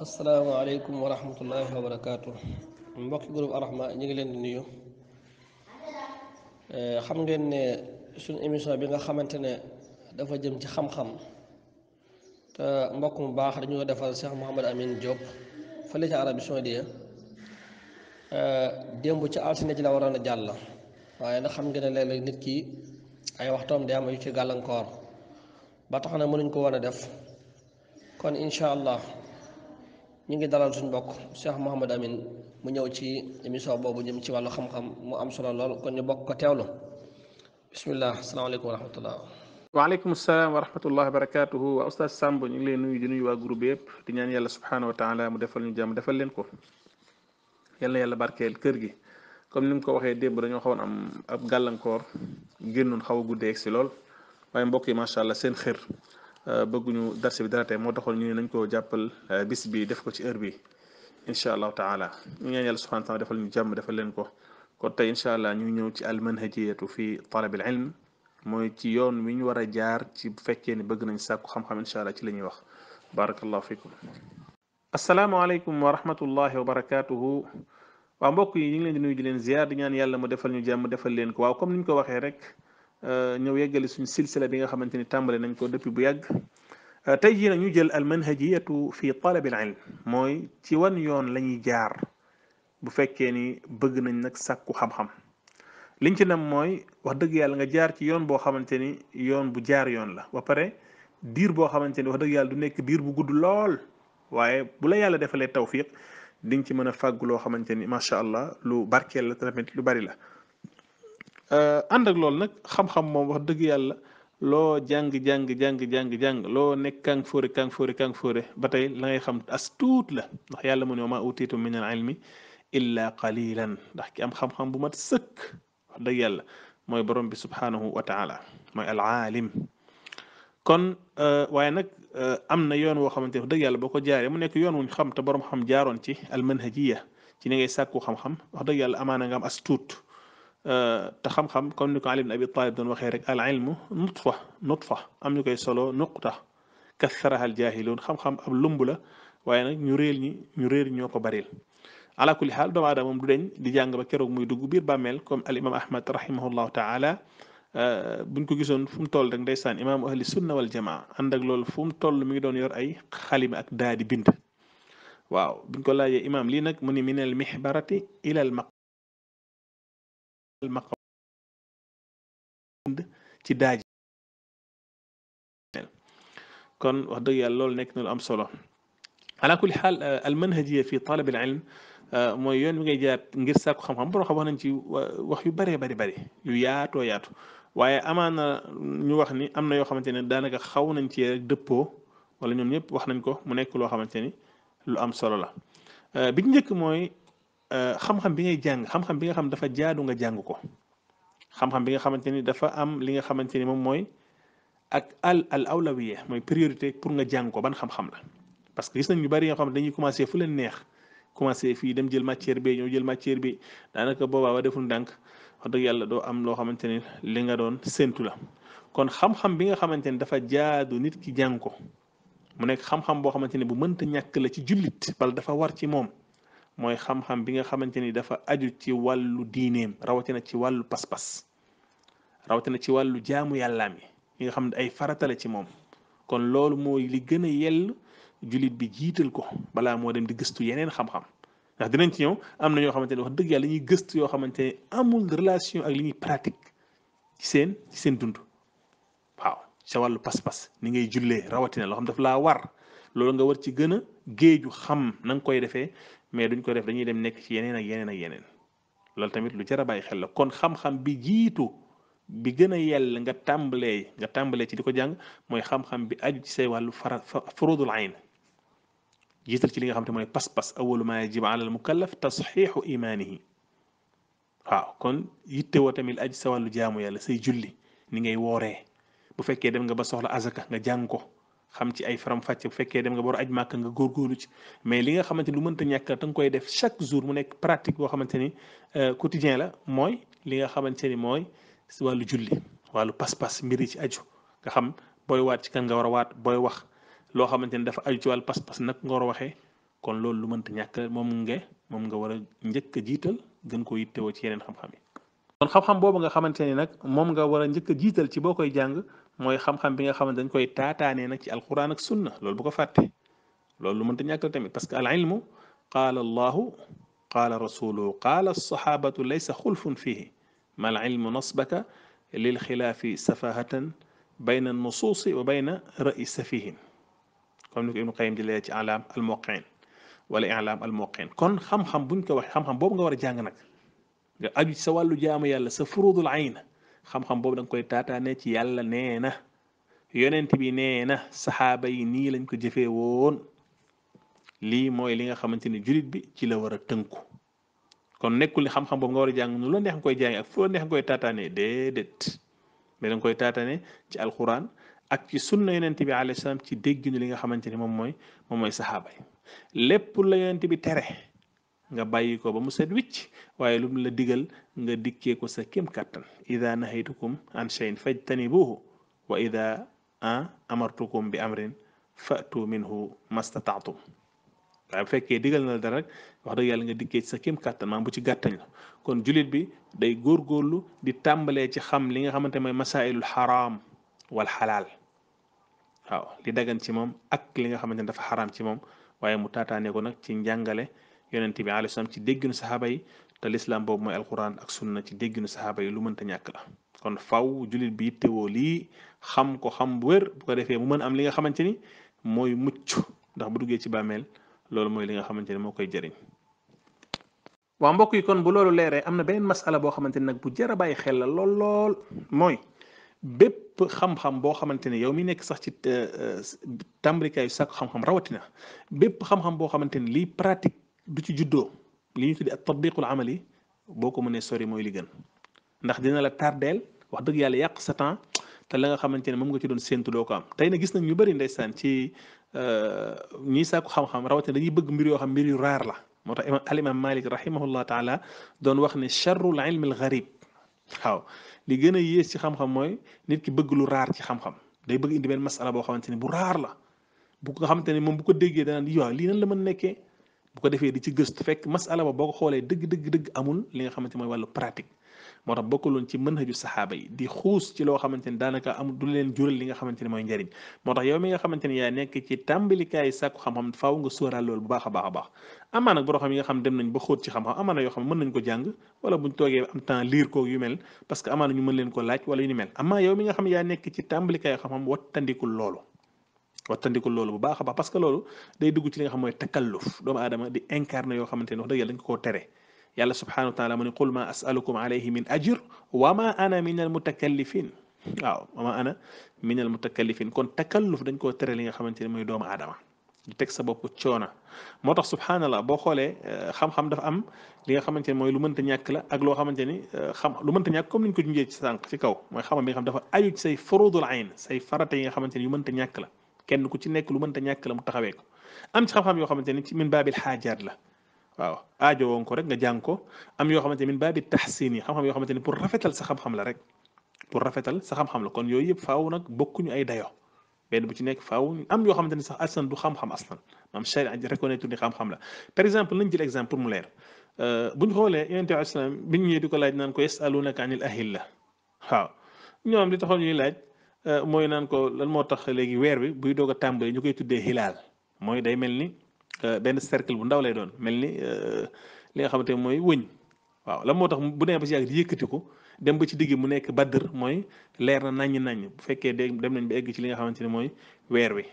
asalaamaaleykum wa rahmatullahi wa barakaatu mbokki groupe Arahma ñu ngi leen di nuyu xam ngeen ne suñu émission bi nga xamante ne dafa jëm ci xam-xam te mbokk mu baax dañu ko defal Cheikh Mouhamad Amin Diop fële ci Arabie Saoudite démb ci altine ci la waroon a jàll waaye nag xam ngeen ne léeg-léeg nit ki ay waxtoom day am yu ci gàllankoor ba tax na mënuñ ko war a def kon incha allah. ñu ngi dalal suñu bokk Cheikh Mouhamadou Amine mu ñëw ci émission boobu jëm ci wàllu xam-xam mu am solo lool kon ñu bokk ko teewlu bismillah asalaamaaleykum wa rahmatullah waaleykum salaam wa rahmatullah wa barakatuhu waa Samb ñu ngi leen nuyu di nuyu waa groupe yëpp di ñaan yàlla subhanahu wa taala mu defal ñu jàmm defal leen ko yal na yàlla barkeel kër gi comme ni mu ko waxee démb dañoo xawoon am ab gàllankoor génnoon xaw a guddee si lool waaye mbokk yi macha allah seen xër Euh, bëgguñu darse bi dara moo taxoon ñu ne nañ koo jàppal euh, bis bi def ko ci heure bi incha allahu taala ñu ñaan yàlla subhanahu taala defal ñu jàmm defal leen ko kon tey incha allah ñu ñëw ci almanhajiyatu fi talabil ilm mooy ci yoon wi ñu war a jaar ci bu fekkee ne bëgg nañ sàkku xam-xam incha allah ci la ñuy wax barakallahu fikum asalaamaaleykum wa rahmatullahi wa barakatuhu waa mbokk yi ñu ngi leen di nuyu di leen ziar di ñaan yàlla mu defal ñu jàmm defal leen ko waaw comme ni ñu ko waxee rek Euh, ñëw yeggali suñu silsila bi nga xamante ni tàmbali nañ ko depuis bu yàgg euh, tey jii nag ñu jël al manhajiyatu fi talab al ilm mooy ci wan yoon lañuy jaar bu fekkee ni bëgg nañ nag sàkku xam-xam liñ ci nam mooy wax dëgg yàlla nga jaar ci yoon boo xamante ni yoon bu jaar yoon la ba pare diir boo xamante ni wax dëgg yàlla du nekk diir bu gudd lool waaye bu la yàlla defalee tawfiq di nga ci mën a fàgg loo xamante ni macha allah lu barkeel la tamit lu bari la. ànd ak loolu nak xam-xam mom wax deug yàlla lo jàng jàng jàng jàng jàng lo nek kang fóore kang fóore kang fóore batay la ngay xam as tout la ndax yàlla mo ne ma utitu min al ilmi illa qalilan ndax ki am xam-xam bu mat seuk wax deug yàlla moy borom bi subhanahu wa taala moy al alim kon waye nak amna na yoon woo xamante ne dëgg yàlla bako ko mu nek yoon wuñ xam te borom xam jaaroon ci al manhajiyya ci ni ngay sàkku xam-xam wax deug yàlla amana nga am as tuut تخمخم كون نكو علي بن ابي طالب دون وخيرك العلم نطفه نطفه ام نكاي سولو نقطه كثرها الجاهلون خمخم اب لومبلا واي نك ني ني نيوكو باريل على كل حال دو ادم دو دنج دي جانغ با كيروك موي دوغ بير باميل الامام احمد رحمه الله تعالى آه، بن كو غيسون فوم تول رك ديسان امام اهل السنه والجماعه عندك لول فوم تول مي دون يور اي خليم اك دادي بنت واو بن كو لاي امام لي نك من المحبره الى المق maqaam ci daaj kon wax dëgg yàlla loolu nekk na lu am solo ala kulli xaal almanhajiya fi talab al ilm mooy yoon wi ngay jaar ngir sàkku xam-xam borom xam wax nañ ci wax yu bëree bëri bëri yu yaatoo yaatu waaye amaan na ñu wax ni am na yoo xamante ne daanaka xaw nañ ci rek dëppoo wala ñoom ñëpp wax nañ ko mu nekk loo xamante ni lu am solo la bi njëkk mooy Euh, xam-xam bi ngay jàng xam bi nga xam dafa jaadu nga jàng ko xam bi nga xamante ni dafa am li nga xamante ni moom mooy ak al al awlawiya mooy priorité pour nga jàng ko ban xam parce que gis nañ ñu bari yoo xam ne dañuy commencé fu leen neex commencé fii dem jël matière bi ñëw jël matière bi daanaka boobaa deful ndànk wax dëgg yàlla doo am loo xamante ni li nga doon séntu la kon xam bi nga xamante ni dafa jaadu nit ki jàng ko mu nekk xam-xam boo xamante ni bu mënta ñàkk la ci jullit wala dafa war ci moom. mooy xam-xam bi nga xamante ni dafa aju ci wàllu diineem rawatina ci wàllu pas-pas rawatina ci wàllu jaamu yàllaam yi yi nga xam ne ay farata la ci moom kon loolu mooy li gën a yell jullit bi jiital ko balaa moo dem di gëstu yeneen xam-xam ndax dinañ ci ñëw am na ñoo xamante ne wax dëgg yàlla ñuy gëstu yoo xamante ne amul relation ak li ñuy pratique ci seen ci seen dund waaw sa wàllu pas-pas ni ngay jullee rawatina loo xam daf laa war loolu nga war ci gën a géeju xam na koy defee mais duñ ko def dañuy dem nekk ci yeneen ak yeneen ak yeneen loolu tamit lu jar a bàyyi xel la kon xam-xam bi jiitu bi gën a yell nga tàmbalee nga tàmbalee ci di ko jàng mooy xam-xam bi aju ci say wàllu fara ayn jiital ci li nga xam te mooy pas-pas awalu ma yajib ala al mukallaf tasxiixu imaanihi waaw kon yitte yittewoo tamit aju sa wàllu jaamu yàlla say julli ni ngay wooree bu fekkee dem nga ba soxla azaka nga jàng ko xam ci ay faram-fàcce bu dem nga bor aj màkk nga góorgóorlu ci mais li nga xamante ni lu mënta ñàkk da nga koy def chaque jour mu nekk pratique boo xamante ni euh, quotidien la mooy li nga booy waat war a waat booy wax loo xamante ni dafa aju ci wàllu pas-pas nag nga war a waxee kon loolu lu mënta ñàkk moom nga war a njëkk a jiital gën koo yittewoo ci yeneen xam-xam yi. nga a njëkk a jiital ci boo koy jàng moy xam-xam bi nga xam dañ koy taataanee nak ci alquran ak sunna lolou bu ko fàtte lolou lu mënta ñàkk tamit parce que al ilmu qaala allahu qaala rasuluhu qaala alsahabatu laysa khulfun fihi ma al ilmu nasbaka lil khilafi safahatan bayna an nusus wa bayna ra'i safihin comme ni ko qayyim qayim jëlee ci alam al muqin wala i'lam al muqin kon xam-xam buñ ko wax xam-xam bobu nga wara jàng nak nga aju ci sa walu jaamu yàlla sa furudul ayna xam-xam boobu da nga koy taataane ci yàlla nee na yonent bi nee na saxaaba yi nii lañ ko jëfee woon lii mooy li nga xamante ni julit bi ci la war a tënku kon nekkul ni xam-xam boobu nga war a jàng nu la neex nga koy jàng ak fu la neex nga koy taataane mais da koy taataane ci alquran ak ci sunna yonent bi alayhi salaam ci dégginu li nga xamante ni moom mooy moom mooy saxaaba yi lépp la yonent bi tere. nga bàyyi ko ba mu set wicc waaye lu mu la digal nga dikkee ko sa kem kàttan ida nahaytukum an shayin fajtanibuhu wa ah, bi amrin fatu minhu mastataatum waaye fekkee digal na la dara wax dëgg yàlla nga dikkee sa kem kàttan maam bu ci gàttañ kon julit bi day góorgóorlu di tàmbalee ci xam li nga xamante mooy masailul xaraam wal xalaal waaw li dagan ci moom ak li nga xamante ne dafa xaraam ci moom waaye mu taataanee ko nag ci njàngale yonent bi alayhi salaam ci dégginu saxaaba yi te lislaam boobu mooy alquran ak sunna ci dégginu saxaaba yi lu mënta ñàkk la kon faw jullit bi teewoo lii xam ko xam bu wér bu ko defee mu mën am li nga xamante ni mooy mucc ndax bu duggee ci bàmmeel loolu mooy li nga xamante ni moo koy jëriñ. waa mbokk yi kon bu loolu leeree am na beneen masala boo xamante ni nag bu jar a bàyyi xel la lool lool mooy bépp xam-xam boo xamante ni yow mi nekk sax ci euh, euh, tàmbarikaayu sàkku xam-xam rawatina du ci juddoo li ñu tuddi ak tatbiqul amali boo ko mënee sori mooy li gën ndax dina la tardeel wax dëgg yàlla yàq sa temps te la nga xamante ne moom nga ci doon séntu doo ko am tey na gis nañ ñu bëri ndeysaan ci ñii sàkku xam-xam rawatina dañuy bëgg mbir yoo xam mbir yu raar la moo tax imam alimam malik rahimahullah taala doon wax ne charrul ilm al garib waaw li gën a yées ci xam-xam mooy nit ki bëgg lu raar ci xam-xam day bëgg indi benn masala boo xamante ni bu raar la bu ko xamante ne moom bu ko déggee danaan yo lii nan la mën nekkee ko defee di ci gëstu fekk masala ba boo ko xoolee dëgg dëgg dëgg amul li nga xamante mooy wàllu pratique moo tax bokkuloon ci manhaju saxaaba yi di xuus ci loo xamante ni daanaka amul leen jural li nga xamante ne mooy njariñ moo tax yow mi nga xamante ni yaa nekk ci tàmbalikaay sàkku xam-xam faaw nga sóoraal loolu bu baax a baax a baax amaan nag boo xam yi nga xam dem nañ ba xóot ci xam-xam amaana yoo xam mën nañ ko jàng wala buñ toogee am temps liir koo yu mel parce que amaana ñu mën leen laaj wala yu ni mel amaa yow mi nga xam yaa nekk ci tàmbalikaay watandiko loolu bu baax a baax parce que loolu day dugg ci li nga xam mooy takalluf doomu aadama di incarné yoo xamante ne wax dëgg yàlla dañ ko tere yàlla subhanahu wa taala mu ne qul ma asalukum alayhi min ajr wa ma ana min al mutakallifin waaw wa ma ana min al mutakallifin kon takalluf dañ koo tere li nga xamante ne mooy adam di tek sa bopp coona moo tax subhanallah boo xoolee xam-xam dafa am li nga xamante ne mooy lu mënta ñàkk la ak loo xamante ni xam lu mënta ñàkk comme ni ñu ko junjee ci sànq ci kaw mooy xam-xam xam dafa aju ci say furudul ayn say farata yi nga xamante ni yu mënta ñàkk la kenn ku ci nekk lu mënta ñàkk la mu taxawee ko am ci xam-xam yoo xamante ni ci min baabil xaajaat la waaw aajo woon ko rek nga jàng ko am yoo xamante ni min baabil taxsin yi xam-xam yoo xamante ni pour rafetal sa xam-xam la rek pour rafetal sa xam-xam la kon yooyu yëpp faaw nag bokkuñu ay dayo benn bu ci nekk faaw am yoo xamante sax aslan du xam-xam aslan maam charia reconnaître ni xam-xam la par exemple nañ jël exemple pour mu leer bu ñu xoolee yonente bi islam bi ñu ñëwee laaj naan ko yasalunaka anil ahilla waaw ñoom li taxoon ñuy laaj Euh, mooy naan ko lan moo tax léegi weer wi buy doog a tàmbali ñu koy tuddee hilaal mooy day mel ni euh, benn cercle bu ndaw lay doon mel ni euh, li nga xamante mooy wëñ waaw lan moo tax bu demee ba ci yàgg di yëkkati ko dem ba ci digg mu nekk baddër mooy leer na naññ naññ bu fekkee dem nañ ba egg ci li nga xamante ne mooy weer wi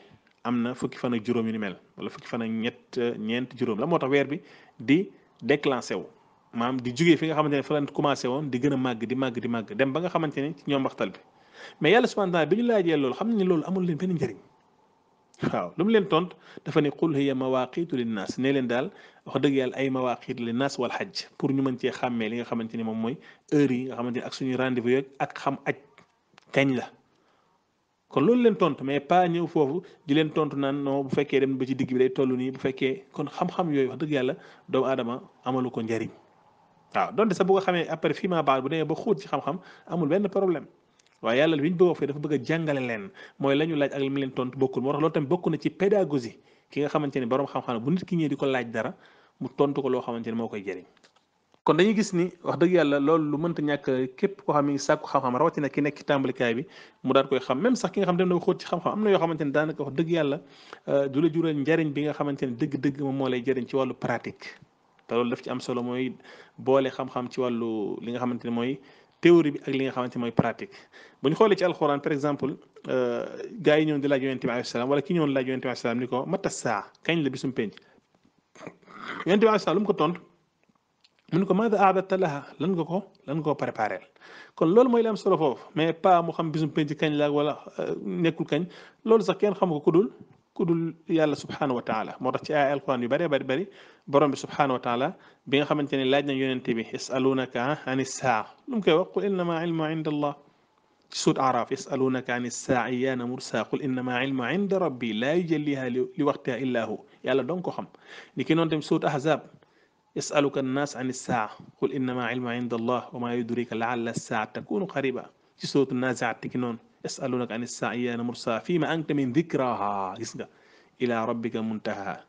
am na fukki fan ak juróom yu ni mel wala fukki fan ak ñett ñeent juróom la moo tax weer bi di déclenché wu maam di jugee fi nga xamante ne fa commencé woon di màgg di màgg di màgg dem ba nga xamante ne ci ñoom waxtal bi mais yàlla subhanahu wa taala bi ñu laajee loolu xam nañ loolu amul leen benn njëriñ waaw lu mu leen tont dafa ne qul hiya mawaqitu linnaas ne leen daal wax dëgg yàlla ay mawaqit linnaas wal hajj pour ñu mën cee xàmmee li nga xamante ni moom mooy heure yi nga xamante ni ak suñu rendez rendez-vous yeeg ak xam aj kañ la kon loolu leen tont mais pas ñëw foofu di leen tont naan non bu fekkee dem ba ci digg bi day toll nii bu fekkee kon xam-xam yooyu wax dëgg yàlla doomu aadama amalu ko njariñ waaw donte sa bu ko xamee après fii ma baal bu demee ba xóot ci xam-xam amul benn problème waaye yàlla li ñu bëgg a fay dafa bëgg a jàngale leen mooy la ñu laaj ak mu leen tontu bokkul moo tax loolu tamit bokk na ci pédagogie ki nga xamante ni borom xam-xam bu nit ki ñëwee ko laaj dara mu tontu ko loo xamante ni moo koy jëriñ kon dañuy gis ni wax dëgg yàlla loolu lu mënta ñàkk képp koo xam mi ngi sàkku xam-xam rawatina ki nekk ci bi mu daan koy xam même ki nga xam dem na xóot ci xam-xam am na yoo xamante ni daanaka wax dëgg yàlla euh, du la njariñ bi nga xamante ni dëgg-dëgg moom moo lay jëriñ wàllu pratique te loolu daf ci am solo mooy boole xam-xam ci wàllu li nga xamante ni mooy théorie bi ak li nga xamante mooy pratique bu ñu xoolee ci alxuraan par exemple euh, gars yi ñëw di laaj yonent bi alayhi salaam wala ki ñëwoon laaj yonent bi alayhi salaam ni ko mata saa kañ la bisum penc yonent bi alayhi salaam lu ko tontu mu ne ko maada aadata laha lan nga ko lan nga ko préparé kon loolu mooy li solo foofu mais pas mu xam bisum penc kañ laa wala euh, nekkul kañ loolu sax kenn xam ko ku dul kudul yàlla subhanahu wa taala moo tax ci ay alquran yu bari bari bari borom bi subhanahu wa taala bi nga xamanteni laaj na yonent bi isalunaka anis saa lu koy wax qul innama ilmu inda allah ci araf isalunaka anis saa yaana mursaa qul innama ilmu inda rabbi la yujalliha li waqtiha illa hu yàlla dong ko xam ni ki noonu tamit suut ahzab yasaluka annaas ani saa qul innama ilmu inda allah wa ma yudrika laalla saa takunu qariba ci suutu naziat ki noonu يسألونك عن الساعة أيان مرساها فيما أنت من ذكرها يسنغ. إلى ربك منتهى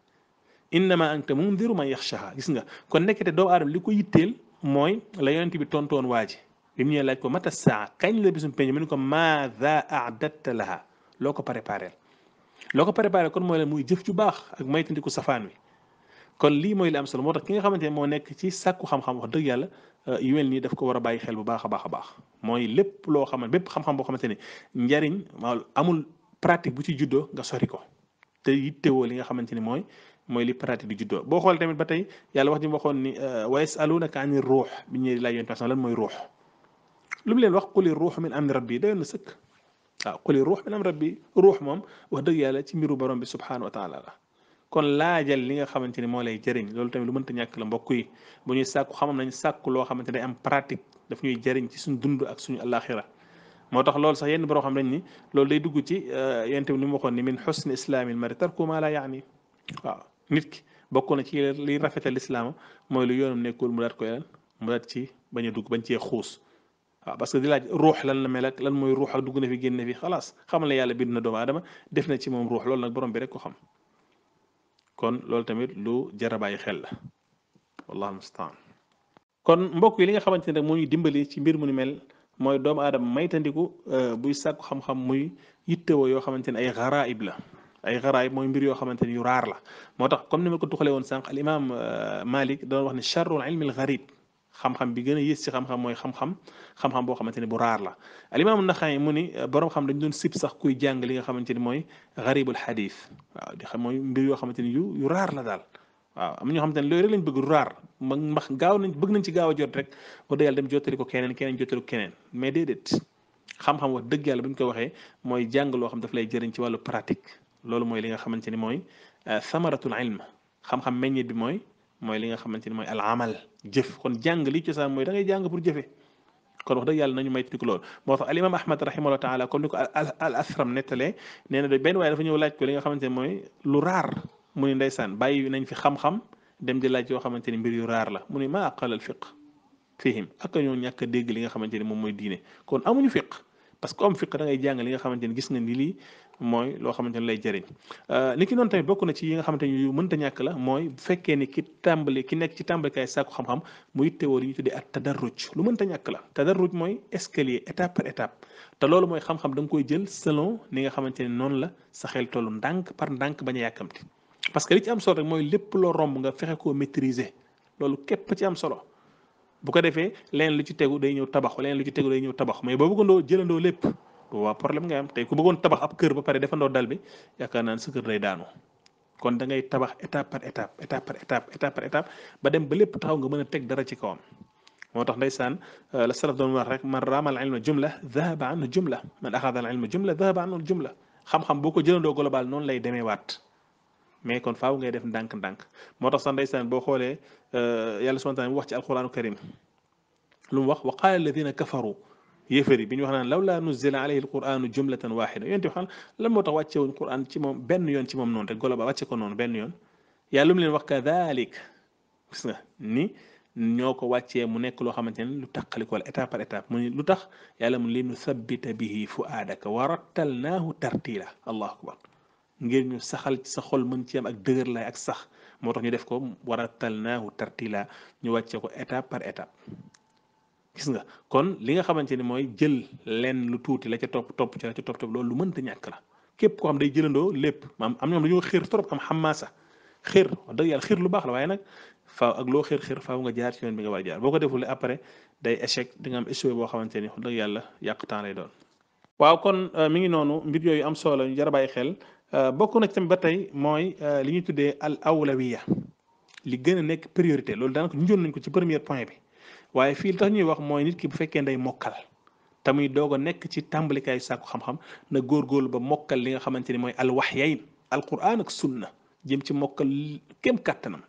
إنما أنت منذر من يخشها يسنغ. كون نك تدو أرم لكو يتل موي لا يونتي بتونتون واجي بيمني لاكو متى الساعة كاين لي بيسون منكو ماذا أعددت لها لوكو بريبارل لوكو بريبارل كون موي موي جيف جو باخ اك مايتنديكو سافان kon lii mooy li am solo moo tax ki nga xamante ne moo nekk ci sàkku xam-xam wax dëgg yàlla yu ni daf ko war a bàyyi xel bu baax a baax a baax mooy lépp loo xam ne bépp xam-xam boo xamante ne njariñ amul pratique bu ci juddoo nga sori ko te yittewoo li nga xamante ni mooy mooy li pratique di juddoo boo xoolee tamit ba tey yàlla wax ji waxoon ni wa yasalunaka ani ruux bi ñëwee laaj yonent lan mooy ruux lu mu leen wax quli ruux min amri rabbi day na sëkk waaw quli ruux min amri rabbi ruux moom wax dëgg yàlla ci mbiru borom bi subhanahu wa taala la kon laajal li nga xamante ni moo lay jëriñ loolu tamit lu mënta ñàkk la mbokk yi bu ñuy sàkku xamam nañu sàkku loo xamante day am pratique daf ñuy jëriñ ci suñu dund ak suñu alaxira moo tax loolu sax yenn borom xam nañ ni loolu day dugg ci yéen tamit li mu waxoon ni min xusni islaamil mari tarku maa la yaani waaw nit ki bokk na ci liy rafetal islaam mooy lu yoonam nekkul mu daat ko yeneen mu daat ci bañ a dugg bañ cee xuus waaw parce que di laaj ruux lan la mel ak lan mooy ruux ak dugg na fi génne fi xalaas xam la yàlla bind na doomu aadama def na ci moom ruux loolu nag borom bi rek ko xam kon loolu tamit lu jara a bàyyi xel la wallahu mustaan kon mbokk yi li nga xamante ne rek moo ñuy dimbali ci mbir mu ni mel mooy doomu aadama maytandiku buy sàkku xam-xam muy yittewoo yoo xamante ne ay xaraayib la ay xaraayib mooy mbir yoo xamante ne yu raar la moo tax comme ni ma ko tuxalee woon sànq al imam malik doon wax ne charrul ilmi al gharib xam-xam bi gën a yées ci xam-xam mooy xam-xam boo xamante ni bu raar la alimaamu Naxaay mu ni eh, borom xam dañ doon sib sax kuy jàng li nga xamante ni mooy garibul xadiis waaw di mooy yoo xamante ni yu raar la daal waaw am ñoo xamante ne loolu rek lañ bëgg raar ma mbax gaaw nañ bëgg nañ ci gaaw a jot rek wax dëgg yàlla keneen keneen jottali ko mais déedéet xam-xam wax dëgg yàlla bi ñu koy waxee mooy jàng loo xam daf lay jëriñ ci wàllu pratique loolu mooy li nga xamante ni mooy eh, samaratul ilm xam-xam meññit bi mooy moy li nga xamanteni moy al amal jëf kon jàng li ci sa moy da ngay jàng pour jëfe kon wax dëgg yàlla nañu may tiku lool moo tax al imam ahmad rahimahullah taala comme ni ko al asram nettalee nee na de benn waaye dafa ñëw laaj ko li nga xamanteni moy lu rar mu ni ndeysaan bàyyi nañ fi xam-xam dem di laaj yoo xamanteni mbir yu rar la mu ni ma aqal al fiq fihim ak ñoo ñàkk a dégg li nga xamanteni ni moom mooy diine kon amuñu fiq parce que am fiq da ngay jàng li nga xamanteni gis nga ni lii mooy loo xamante ne lay jëriñ euh, li ki noonu tamit bokk na ci yi nga xamante ni mën mënta ñàkk la mooy bu fekkee ni ki tàmbali ki nekk ci tàmbalikaay sàkku xam-xam muy teewoor yi ñu di tuddee ak tadarruj lu mën mënta ñàkk la tadarruj mooy escalier étape par étape te loolu mooy xam-xam da nga koy jël selon ni nga xamante ne noonu la sa xel tollu ndànk par ndànk bañ a yàkkamti parce que li ci am solo mooy lépp loo romb nga fexe koo maîtriser loolu képp ci am solo bu ko defee leneen lu ci tegu day ñëw tabax leneen lu ci tegu day ñëw tabax mais boo bëggandoo jëlandoo lépp waa problème nga am tey ku bëggoon tabax ab kër ba pare defandoo dal bi yaakaar naa ne sa kër day daanu kon da ngay tabax étape par étape étape par étape étape par étape ba dem ba lépp taxaw nga mën a teg dara ci kawam moo tax ndeysaan euh, la salaf doon wax rek man raama al ilma jumla dahaba anhu jumla man axada al ilma jumla dahaba anhu jumla xam-xam boo ko jëlandoo global noonu lay demee waat mais kon faaw ngay def ndànk-ndànk moo tax sax ndeysaan boo xoolee euh, yàlla subhanahu wa taala mu wax ci alquranu karim lu mu wax wa qaala alladina kafaru yéefar yi bi ñu wax naan law laa nuzila alayhi alquranu jumlatan waxida yonent bi xam lan moo tax wàcce wuñ quran ci moom benn yoon ci moom noonu rek golo ba wàcce ko noonu benn yoon yàlla lu mu wax kadalik gis nga ni ñoo ko wàccee mu nekk loo xamante ne lu taqaliko wala étape par étape mu lu tax yàlla mu li nu sabbita bihi fuaadaka wa rattalnaahu tartila allahu akbar ngir ñu saxal sa xol mën ci am ak dëgër lay ak sax moo tax ñu def ko wa rattalnaahu tartila ñu wàccee ko étape par étape gis nga kon li nga xamante ni mooy jël leen lu tuuti la ca topp topp ca la ca topp topp loolu lu mënta ñàkk la képp ko xam day jëlandoo lépp maam am ñoom dañoo xéer trop am xammaasa xéer wax dëgg yàlla xéer lu baax la waaye nag faaw ak loo xéer xéer faaw nga jaar ci yoon bi nga war jaar boo ko defulee après day échec di am échec boo xamante ni wax dëgg yàlla yàq temps lay doon. waaw kon euh, mi ngi noonu mbir yooyu am solo ñu jar bàyyi xel euh, bokk na ci tamit ba tey mooy euh, li ñuy tuddee al awlawiya li gën a nekk priorité loolu daanaka ñu joon nañ ko ci premier point bi waaye fii tax ñuy wax mooy nit ki bu fekkee nday mokkal muy doog a nekk ci tàmbalikaayu sàkku xam-xam na góorgóorlu ba mokkal li nga xamante ni mooy alwaxyayn alquran ak sunna jëm ci mokkal kem kàttanam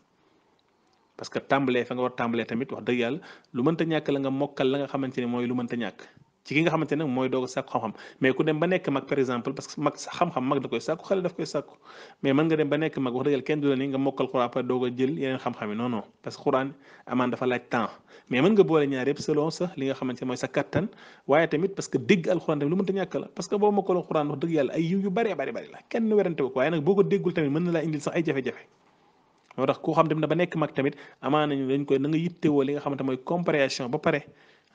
parce que tàmbalee fa nga war tàmbalee tamit wax dëgg yàlla lu mënta ñàkk la nga mokkal la nga xamante ni mooy lu mënta ñàkk ci ki nga xamante ne mooy doog a sàkku xam-xam mais ku dem ba nekk mag par exemple parce que mag xam-xam mag da koy sàkku xale daf koy sàkku mais mën nga dem ba nekk mag wax dëggal kenn du la ni nga mokkal quran par doog a jël yeneen xam-xam yi non non parce que quran amaan dafa laaj temps mais mën nga boole ñaar yëpp selon sa li nga xamante ne mooy sa kattan waaye tamit parce que dégg quran tamit lu mënta ñàkk la parce que boo mokkaloon quran wax dëgg yàlla ay yiw yu bari bari bari la kenn werante ko waaye nag boo ko déggul tamit mën na laa indil sax ay jafe-jafe motax tax ku xam dem na ba nek mak tamit amana ñu dañ koy na nga yitté wo li nga xamante mooy compréhension ba pare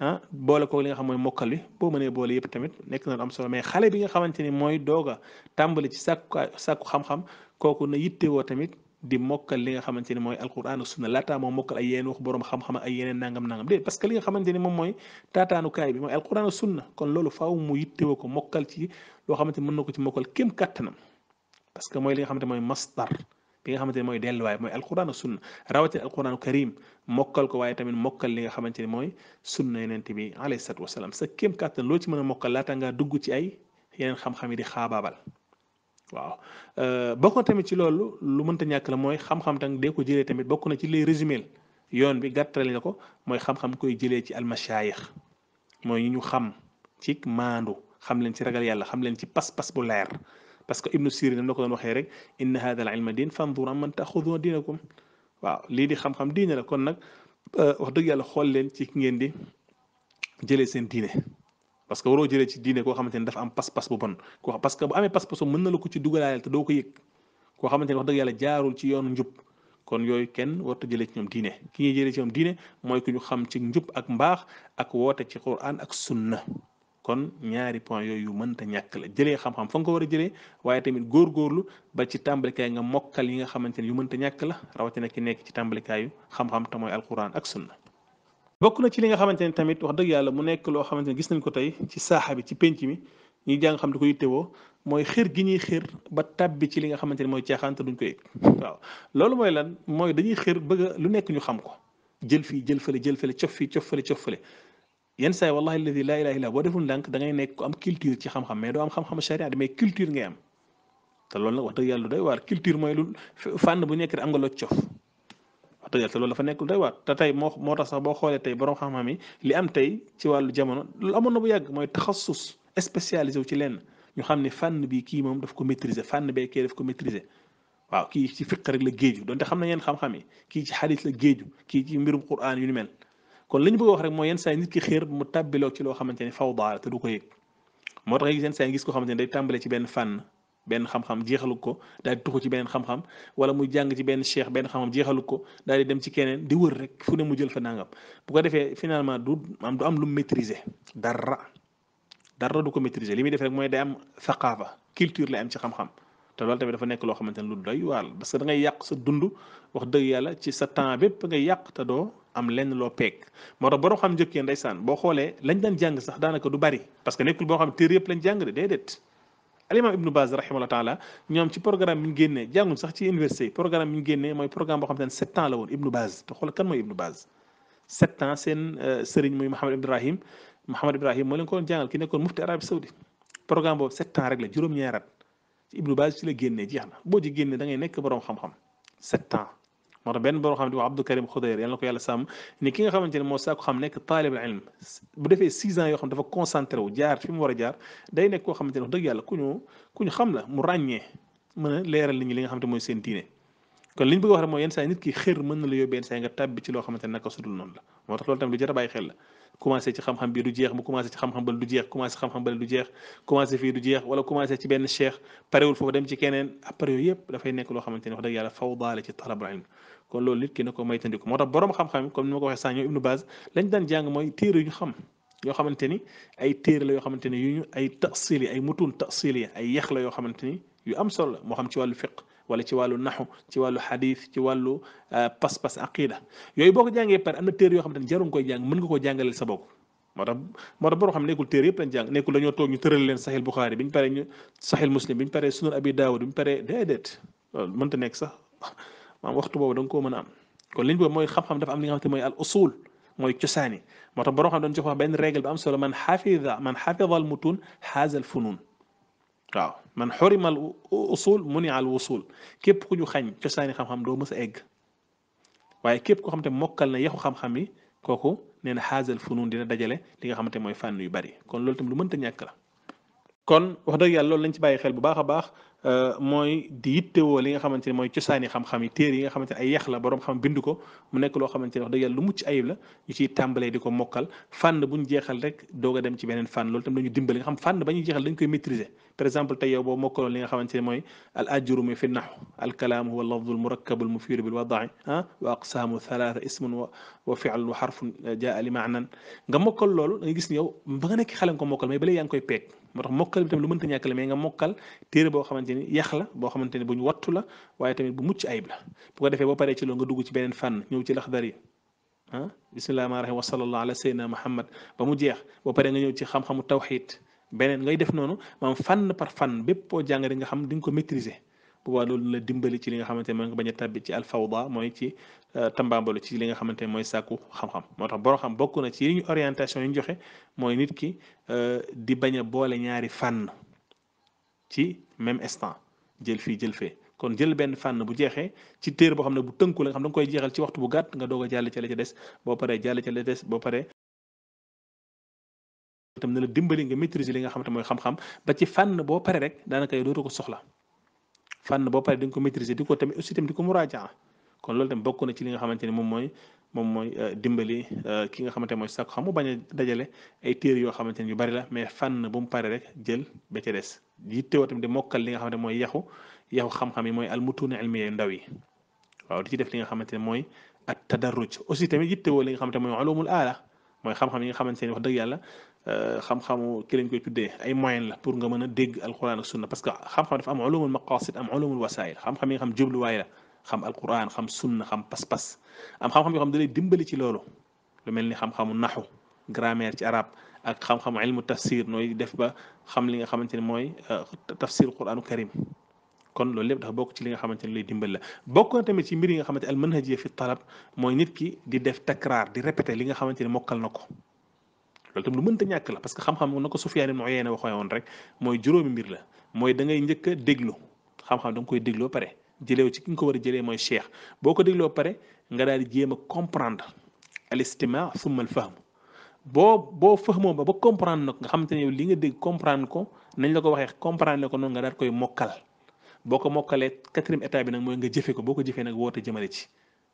han boole ko li nga xam moy mokal bi bo mënee boole yëpp tamit nek na am solo mais xale bi nga xamante ni mooy doog tàmbali ci sàkku sàkku xam-xam koku na yitté wo tamit di mokal li nga xamante ni mooy alquran ak sunna lata mo mokal ay yeen wax borom xam-xam ay yeen nangam nangam de parce que li nga xamante ni moy tatanu kay bi mooy alquran ak sunna kon lolu faaw mu yitté wo ko mokal ci lo xamante ni mën ko ci mokal kéem kattanam parce que moy li nga xamante moy masdar bi nga xamante ne mooy delluwaay mooy alquran ak sunna rawati alquran karim mokkal ko waaye tamit mokkal li nga xamante ne mooy sunna yonent bi alayhi salatu wasalaam sa kéem kàttan loo ci mën a mokkal laata ngaa dugg ci ay yeneen xam-xam yi di xaabaabal waaw bokkoon tamit ci loolu lu mënta ñàkk la mooy xam-xam tam dee ko jëlee tamit bokk na ci lay résumé yoon bi gàttal nga ko mooy xam-xam koy jëlee ci al almashaayix mooy ñu xam ci maandu xam leen ci ragal yàlla xam leen ci pas-pas bu leer parce que ibnu sirin nam la ko doon waxee rek inna hada al ilma din fandur amman taxudu dinakum waaw lii di xam-xam diine la kon nag wax dëgg yàlla xool leen ci ki ngeen di jëlee seen diine parce que waroo jëlee ci diine koo xamante ni dafa am pas-pas bu bon ko parce que bu amee pas-pas mën na la ko ci dugalaayal te doo ko yëg koo xamante ni wax dëgg yàlla jaarul ci yoonu njub kon yooyu kenn warta jëlee ci ñoom diine ki ñuy jëlee ci ñoom diine mooy ku ñu xam ci njub ak mbaax ak woote ci quran ak sunna kon ñaari point yooyu mënta ñàkk la jëlee xam-xam fa nga ko war a jëlee waaye tamit góorgóorlu ba ci tàmbalikaay nga mokkal yi nga xamante ne yu mënta ñàkk la rawatina ki nekk ci tàmbalikaayu xam-xam te mooy alquran ak sunna bokk na ci li nga xamante ne tamit wax dëgg yàlla mu nekk loo xamante ne gis nañ ko tey ci saaxa bi ci penc mi ñuy jàng xam di ko yittewoo mooy xir gi ñuy xir ba tàbbi ci li nga xamante ne mooy te duñ ko yëg waaw loolu mooy lan mooy dañuy xir bëgg lu nekk ñu xam ko jël fii jël fële jël fële cof fii cof fële cof fële yenn saa yi wallahi ladi laa ilaha illa boo deful ndànk da ngay nekk ku am culture ci xam-xam mais doo am xam-xam charia mais culture ngay am te loolu nag wax dëgg yàlla doy waar culture mooy lu fànn bu nekk am nga loo cof wax dëgg yàlla te loolu dafa nekk lu doy waar te tey moo moo tax sax boo xoolee tey borom xam-xam yi li am tey ci wàllu jamono lu amoon na bu yàgg mooy taxassus spécialisé wu ci lenn ñu xam ne fànn bi kii moom daf ko maîtriser fànn bee kii daf ko maîtriser waaw kii ci fiq rek la géeju donte xam na ngeen xam-xam yi kii ci xadis la géeju kii ci mbirum quran yu ni mel kon li ñu bëgg wax rek mooy yenn saa nit ki xéer mu tàbbiloo ci loo xamante ni fawda la te du ko yëg moo tax yenn saa yi gis ko xamante ni day tàmbale ci benn fànn benn xam jeexalu ko daal di tuxu ci beneen xam wala muy jàng ci benn cheikh benn xam-xam jeexalu ko daal di dem ci keneen di wër rek fu ne mu jël fa nangam bu ko defee finalement du am du am lu maîtriser dara dara du ko maîtriser li muy def rek mooy day am thaqaafa culture lay am ci xam te loolu tamit dafa nekk loo xamante ne lu doy waar parce que da yàq sa dund wax dëgg yàlla ci sa temps bépp ngay yàq te doo am len lo pek mo do borom xam njëkk yi ndeysaan boo xoolee lañ dan jàng sax danaka du bari parce que nekul bo xam téere yep lañ jàng de al imam ibnu baz rahimahullah taala ñom ci programme bi genné jangul sax ci université programme bi genné moy programme bo xam te 7 ans la won ibnu baz te xol kan moy ibnu baz 7 ans sen serigne moy mohammed Ibrahim mohammed Ibrahim mo len ko jàngal ki nekkoon mufti arabi saudi programme bo 7 ans rek la juróom-ñeerat ibnu baz ci la genné jeex na boo ci genné da ngay nekk borom xam-xam 7 ans moo tax benn boo xam ne wax Abdou Karim Khoudair yal na ko yàlla sàmm ni ki nga xamante ne moo saako xam nekk taalibul ilm bu defee six ans yoo xam dafa concentré wu jaar fi mu war a jaar day nekk koo xamante ne wax dëgg yàlla ku ñu ku xam la mu ràññee mën a leeral nit ñi li nga xamante mooy seen diine kon li ñu wax rek mooy yenn saa nit ki xër mën na la yóbbee yenn saa nga tàbbi ci loo xamante ne naka sudul noonu la moo tax loolu tamit lu jar xel la commencé ci xam-xam bi du jeex mu commencé ci xam-xam ba du jeex commencé xam-xam ba du jeex commencé fi du jeex wala commencé ci ben cheikh parewul fofu dem ci keneen après yooyu yëpp da fay nek lo xamanteni wax deug yàlla fawdaale ci talabul ilm kon loolu nit ki nako ko maytandiku moo borom xam-xam comme nima ko waxe sañu Ibnu baz lañ dan jàng moy téré yu ñu xam yo xamanteni ay téré la yo xamanteni yu ñu ay tasili ay mutun tasili ay yakh la yo xamanteni yu am solo mo xam ci walu fiqh wala ci wàllu naxu ci wàllu xadis ci wàllu pas-pas aqida yooyu boo ko jàngee par am na téere yoo xam ne jarum koy jàng mën nga ko jàngaleel sa bopp moo tax moo tax boo xam ne nekkul téere yëpp lañ jàng nekkul dañoo toog ñu tëral leen saxil buxaari bi ñu paree ñu saxil muslim bi ñu paree sunan abi daawud bi ñu paree déedéet loolu mënta nekk sax maam waxtu boobu da nga koo mën a am kon liñ bëgg mooy xam-xam dafa am li nga xam ne mooy al usul mooy cosaani moo tax borom xam doon jox wax benn règle bi am solo man xafida man xafida al mutun xaazal funun waaw man xorimal usul muniyal wusul képp ku ñu xañ cosaani xam-xam doo mës a egg waaye képp koo xam te mokkal na yaxu xam-xam yi kooku nee na xaasal funun dina dajale li nga xamante mooy fànn yu bari kon loolu tam lu mënta ñàkk la kon wax dëgg yàlla loolu lañ ci bàyyi xel bu baax a baax mooy di yittewoo li nga xamante ni mooy cosaani xam-xam yi téere yi nga xamante ni ay yax la borom xam bind ko mu nekk loo xamante ni wax dëgg yàlla lu mucc ayib la ñu ciy tàmbalee di ko mokkal fànn bu ñu jeexal rek doog a dem ci beneen fànn loolu tam dañu dimbali nga xam fànn ba ñuy jeexal dañ koy maîtriser par exemple tey yow boo mokkaloon li nga xamante ni mooy al mi fi naxu al kalaam huwa lafdu al murakkabu al mufiru bil wadaai ah wa aqsaamu thalatha ismun wa وفعل وحرف جاء لمعنى nga mokal loolu da nga gis ni yow ba nga nek xale nga ko mokkal mais balay yang koy pek motax mokal mokkal bi tamit lu meunta ñak la mais nga mokal téré bo xamanteni yax la bo xamanteni buñu wattu la waye tamit bu mucc ayib la bu ko defé bo paré ci lo nga dugg ci benen fan ñëw ci lakhdari ha bismillahir rahmanir rahim wa salallahu ala sayyidina muhammad ba mu jeex bo paré nga ñëw ci xam-xamu tawhid benen ngay def nonu maam fan par fan bépp boo jangari nga xam di ko maîtriser boobaa loolu la dimbali ci li nga xamante ne mooy nga bañ a tabbi ci alfawda mooy ci euh, tambambalu ci li nga xamante ne mooy sàkku xam-xam moo tax boo xam bokk na ci yi ñu joxe mooy nit ki euh, di bañ a boole ñaari fànn ci même instant jël fii jël fee kon jël benn fànn bu jeexee ci téer boo xam ne bu tënku la nga xam koy jeexal ci waxtu bu gàtt nga doog a jàll ci la des boo paree jàll ca la des boo paree tam ne la dimbali nga maîtriser li nga xamante mooy xam ba ci fànn boo paree rek daanaka yow dootoo ko soxla fànn boo paree di nga ko maîtriser di ko tamit aussi tamit di ko muraajaa kon loolu tamit bokk ci li nga moom mooy moom euh, dimbali euh, ki nga xamante mooy sàkku xam mu bañ a dajale ay téere yoo xamante ni yu bari la mais fànn bu mu paree rek jël ba ca des tamit di mokkal li nga xamante mooy yaxu yaxu xam-xam yi mooy almutuuna ilmiya ndaw yi waaw di ci def li nga xamante ne mooy at tadarruj aussi tamit yittewoo li nga xamante mooy ulumul aala mooy xam-xam yi nga xamante ne wax dëgg yàlla xam-xamu ki lañ koy tuddee ay moyen la pour nga mën a dégg alquran ak sunna parce que xam-xam dafa am ulumul maqasid am ulumul wasail xam-xam yi nga xam jubluwaay la xam alquran xam sunna xam pas-pas am xam-xam yoo xam da lay dimbali ci loolu lu mel ni xam-xamu naxu grammaire ci arab ak xam-xamu ilmu tafsir nooy def ba xam li nga xamante ni mooy tafsir quranu karim kon loolu lépp dafa bokk ci li nga xamante ni lay dimbal la bokk na tamit ci mbir yi nga xamante al manhajiyya fi talab mooy nit ki di def takraar di répété li nga xamante ni mokkal na ko loolu tam lu mënta ñàkk la parce que xam-xam na ko Sufyaan ibn Uyayna waxee woon rek mooy juróomi mbir la mooy da ngay njëkk a déglu xam-xam da nga koy dégloo pare jëlew ci ki nga ko war a jëlee mooy cheikh boo ko dégloo pare nga daal di jéem a comprendre al istima summa al fahm boo boo fahmoo ba ba comprendre nag nga xamante ne yow li nga dégg comprendre ko nañ la ko waxee comprendre ko noonu nga daal koy mokkal boo ko mokkalee quatrième état bi nag mooy nga jëfe ko boo ko jëfee nag woote jëmale ci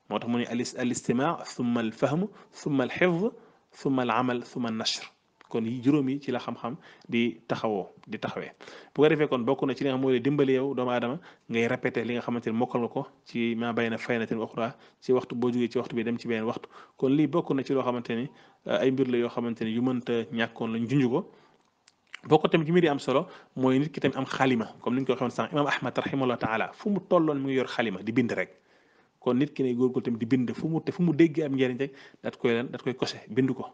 moo tax mu ne al al istima summa al fahm summa al xifd ثم العمل ثم النشر كون جرومي تي لا خام خام دي تخاوو دي تخاوي بوغا ريفي كون بوكو نا تي ليغا مولاي ديمبالي يو دوما ادم غاي ريبيتي ليغا خامتيني موكال نكو تي ما باينا فاينتين اخرى تي وقت بو جوغي تي وقت بي ديم تي بين وقت كون لي بوكو نا لو خامتيني اي مبير لا يو خامتيني يو مانتا نياكون لا نجنجوكو بوكو تيم جي ميري ام سولو موي نيت كي تيم ام خاليمه كوم نين كو سان امام احمد رحمه الله تعالى فوم تولون مي يور خاليمه دي بيند ريك kon nit ki ne góorgóorlu tamit di bind fu mu te fu mu déggee am njëriñ rek daat koy leen daat koy kose bind ko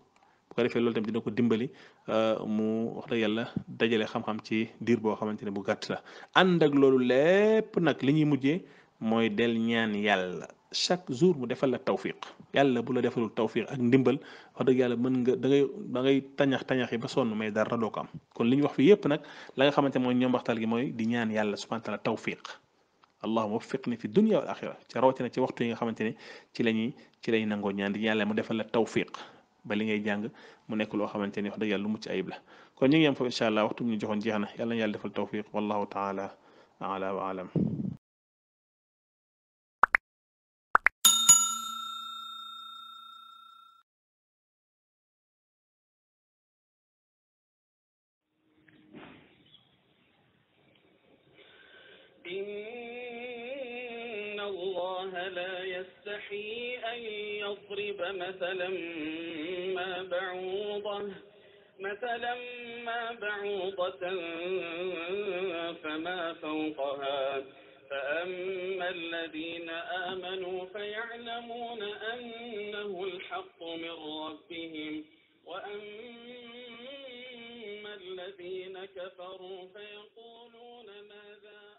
bu ko defee loolu tamit dina ko dimbali euh, mu wax dëgg yàlla dajale xam ci diir boo xamante ne bu gàtt la ànd ak loolu lépp nag li ñuy mujjee mooy del ñaan yàlla chaque jour mu defal la tawfiq yàlla bu la defalul tawfiq ak ndimbal wax dëgg mën nga da ngay da ngay tañax tañax yi ba sonn mais dara doo ko am kon li ñu wax fi yépp nag la nga xamante mooy ñoom waxtal gi mooy di ñaan yàlla subhanahu wa taala tawfiq allahuma waffiqni fi dunia wal axira ci rawatina ci waxtu yi nga xamante ne ci la ñuy ci lay nangoo ñaan di yàlla mu defal la tawfiq ba li ngay jàng mu nekk loo xamante ni wax dëgg yàlla lu mucc ayib kon ñu ngi yem foofu incha allah waxtu bi ñu joxoon jeex na yàlla na yàlla defal tawfiq wallahu taala ala wa alam أخي أن يضرب مثلا ما بعوضة مثلا ما بعوضة فما فوقها فأما الذين آمنوا فيعلمون أنه الحق من ربهم وأما الذين كفروا فيقولون ماذا